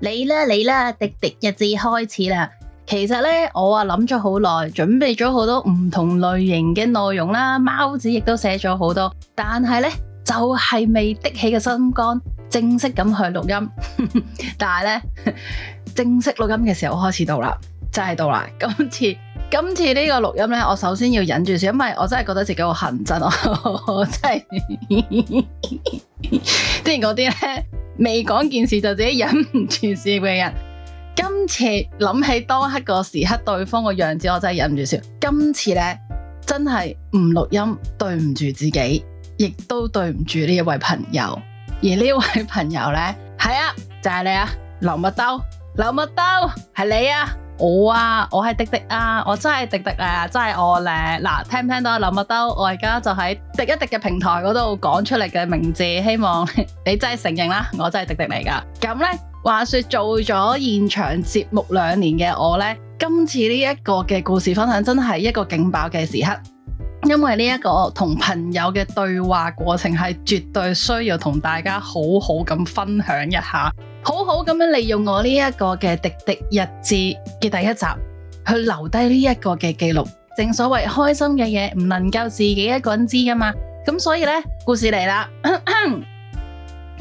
你啦，你啦，廸廸日誌開始啦。其實咧，我啊諗咗好耐，準備咗好多唔同類型嘅內容啦，貓子亦都寫咗好多，但係咧就係、是、未的起的起嘅心肝，正式咁去錄音。 但係咧，正式錄音嘅時候開始到啦，真係到啦。今次今次個錄呢個錄音咧，我首先要忍住笑，因為我真係覺得自己好痕，真，我真係即係啲咧。 未講件事就自己忍唔住笑嘅人，今次諗起當刻個時刻對方個樣子，我真係忍唔住笑。今次呢，真係唔錄音，對唔住自己，亦都對唔住呢位朋友。而呢位朋友呢，係啊，就係你啊，劉麥兜，劉麥兜，係你啊！我啊，我係迪迪啊，我真係迪迪啊，真係我呢。嗱，聽唔聽到啊，劉麥兜？我而家就喺廸一廸嘅平台嗰度講出嚟嘅名字，希望你真係承認啦，我真係迪迪嚟㗎。咁呢，話說做咗現場節目兩年嘅我呢，今次呢一個嘅故事分享真係一個勁爆嘅時刻，因為呢一個同朋友嘅對話過程係絕對需要同大家好好咁分享一下。好好咁樣利用我呢一個嘅廸廸日誌嘅第一集，去留低呢一個嘅記錄。正所謂開心嘅嘢唔能夠自己一個人知噶嘛，咁所以呢，故事嚟啦。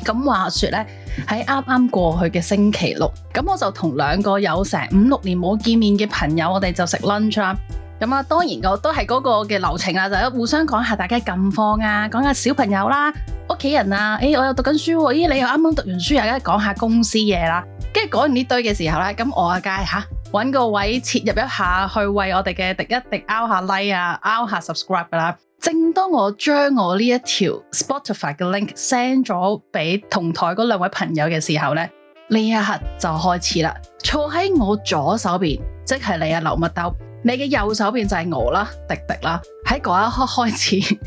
咁 話說呢，喺啱啱過去嘅星期六，咁我就同兩個有成五六年冇見面嘅朋友，我哋就食 lunch。咁啊，當然嘅我都係嗰個嘅流程啦，就互相講下大家近況啊，講下小朋友啦、屋企人啊。誒，我又讀緊書喎，咦，你又啱啱讀完書，又梗係講下公司嘢啦。跟住講完呢堆嘅時候咧，咁我啊梗係下搵個位切入一下，去為我哋嘅廸一廸 out 下 like 啊，out 下 subscribe 噶啦。正當我將我呢一條 Spotify 嘅 link send 咗俾同台嗰兩位朋友嘅時候咧，呢一刻就開始啦。坐喺我左手邊，即係你啊，劉麥兜。你嘅右手邊就係我啦，迪迪啦，喺嗰一刻開始，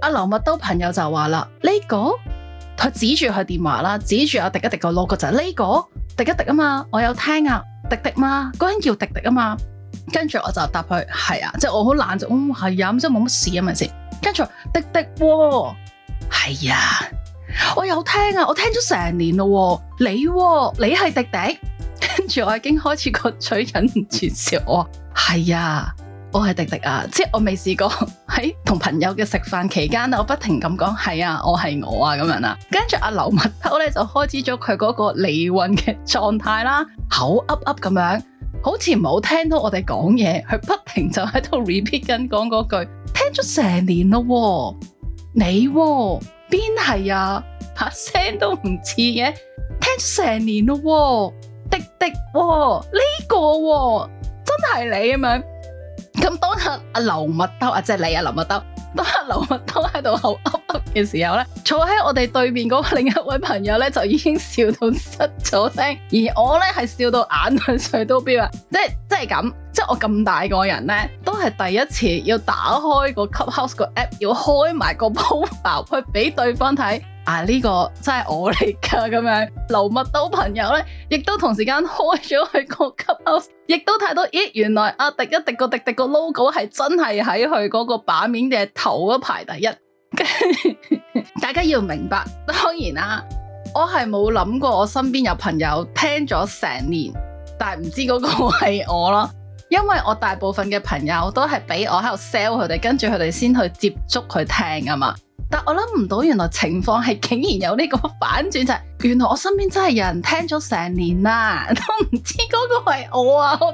阿劉麥兜朋友就話啦，呢、這個佢指住佢電話啦，指住阿迪一迪個 logo 就係、是、呢、這個，迪迪啊嘛，我有聽啊，迪迪嘛，嗰人叫迪迪啊嘛，跟住我就答佢係啊，即係我好懶就，嗯係啊，咁即係冇乜事啊，咪先，跟住迪迪，係、哦、呀，我有聽啊，我聽咗成年咯，你、哦，你係迪迪。跟住我已經開始個嘴忍唔住笑啊，係啊，我係迪迪啊，即係我未試過喺同、哎、朋友嘅食飯期間我不停咁講係啊，我係我啊咁樣啊。跟住阿劉麥兜呢就開始咗佢嗰個離魂嘅狀態啦，口噏噏咁樣，好似冇聽到我哋講嘢，佢不停就喺度 repeat 緊講嗰句，聽咗成年咯、喎，你邊係啊？把聲都唔似嘅，聽咗成年咯、喎。滴滴、哦，呢、這個、哦、真係你咁樣？咁當刻阿劉麥兜，即係你阿劉麥兜，當刻劉麥兜喺度口噏噏嘅時候咧，坐喺我哋對面嗰另一位朋友咧就已經笑到失咗聲，而我咧係笑到眼淚水都飆啊！即係即係咁，即係我咁大個人咧，都係第一次要打開個 Clubhouse 個 app，要開埋個鋪頭去俾對方睇。啊！呢、呢個真係我嚟噶咁樣，劉麥兜朋友咧，亦都同時間開咗佢去高 s 啊，亦都睇到咦，原來阿迪一迪個迪迪,迪,迪,迪個 logo 係真係喺佢嗰個版面嘅頭一排第一。 大家要明白，當然啦，我係冇諗過我身邊有朋友聽咗成年，但唔知嗰個係我咯，因為我大部分嘅朋友都係俾我喺度 sell 佢哋，跟住佢哋先去接觸去聽噶嘛。但我諗唔到，原來情況係竟然有呢個反轉原來我身邊真的有人聽咗成年啦，啊，都唔知嗰個係我啊！我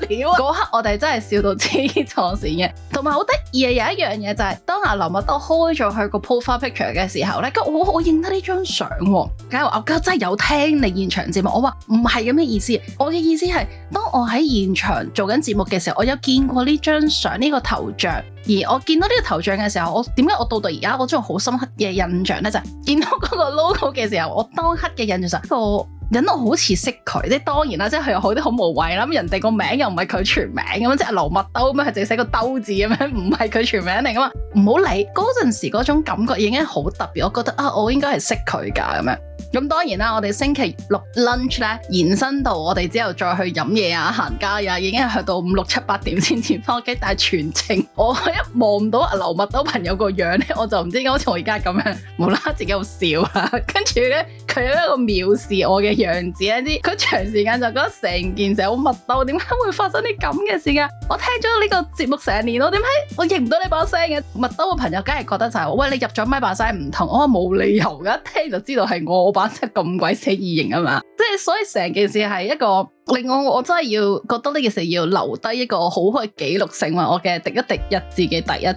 乜屌，啊？嗰刻我哋真係笑到痴咗線嘅，同埋好得意啊！有一樣嘢就係，是，當阿劉麥兜開咗佢個 profile picture 嘅時候咧，佢，我好認得呢張相，咁我阿哥真係有聽你現場節目，我話唔係咁嘅意思，我嘅意思係當我喺現場做緊節目嘅時候，我有見過呢張相呢個頭像，而我見到呢個頭像嘅時候，我點解我到到而家我仲好深刻嘅印象呢？就是？見到嗰個 logo 嘅時候，我當刻嘅印象就～引到好似識佢，即係當然啦，即係佢有好啲好無謂啦。咁人哋個名又唔係佢全名咁，即係阿劉麥兜咩？佢淨係寫個兜字咁樣，唔係佢全名嚟噶嘛。唔好理嗰陣時嗰種感覺已經好特別，我覺得啊，我應該係識佢噶咁樣。咁當然啦，我哋星期六 lunch 咧延伸到我哋之後再去飲嘢啊、行街啊，已經係去到五六七八點先至翻屋企。但係全程我一望到阿劉麥兜朋友個樣咧，我就唔知點解好似我而家咁樣無啦自己好笑啦。跟住咧，佢有一個藐視我嘅。樣子一啲，佢長時間就覺得成件事係好麥兜，點解會發生啲咁嘅事啊？我聽咗呢個節目成年，我點解我認唔到你把聲嘅。麥兜嘅朋友，梗係覺得就係、是、喂，你入咗麥把聲唔同，我、哦、冇理由嘅，一聽就知道係我把聲咁鬼死異形啊嘛～即係所以成件事係一個令我我真係要覺得呢件事要留低一個好嘅記錄，成為我嘅廸一廸日誌嘅第一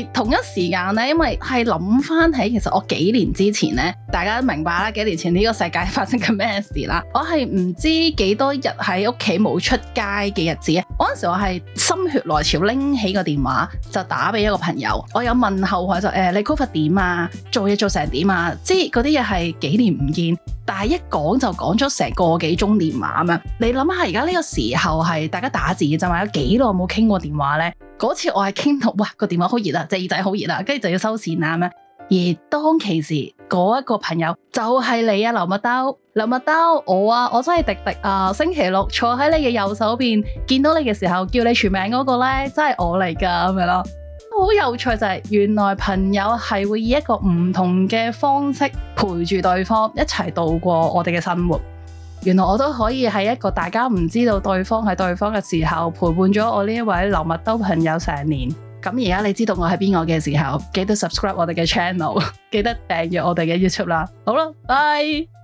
集。而同一時間呢，因為係諗翻起，其實我幾年之前呢，大家都明白啦，幾年前呢個世界發生緊咩事啦，我係唔知幾多日喺屋企冇出街嘅日子咧。嗰陣時我係心血來潮拎起個電話就打俾一個朋友，我有問候佢，就話，誒你 Covid 點啊，做嘢做成點啊，即係嗰啲嘢係幾年唔見。但係一講就講咗成個幾鐘電話咁樣，你諗下而家呢個時候係大家打字就啫有幾耐冇傾過電話咧？嗰次我係傾到哇個電話好熱啊，隻耳仔好熱啊，跟住就要收線啊咁樣。而當其時，嗰、那、一個朋友就係你啊，劉麥兜，劉麥兜，我啊，我真係迪迪啊，星期六坐喺你嘅右手邊見到你嘅時候叫你全名嗰個咧，真係我嚟噶咁樣咯。好有趣，就係原來朋友係會以一個唔同嘅方式陪住對方一齊度過我哋嘅生活。原來我都可以喺一個大家唔知道對方係對方嘅時候陪伴咗我呢一位劉麥兜朋友成年。咁而家你知道我係邊個嘅時候，記得 subscribe 我哋嘅 channel，記得訂閱我哋嘅 YouTube 啦。好啦，bye。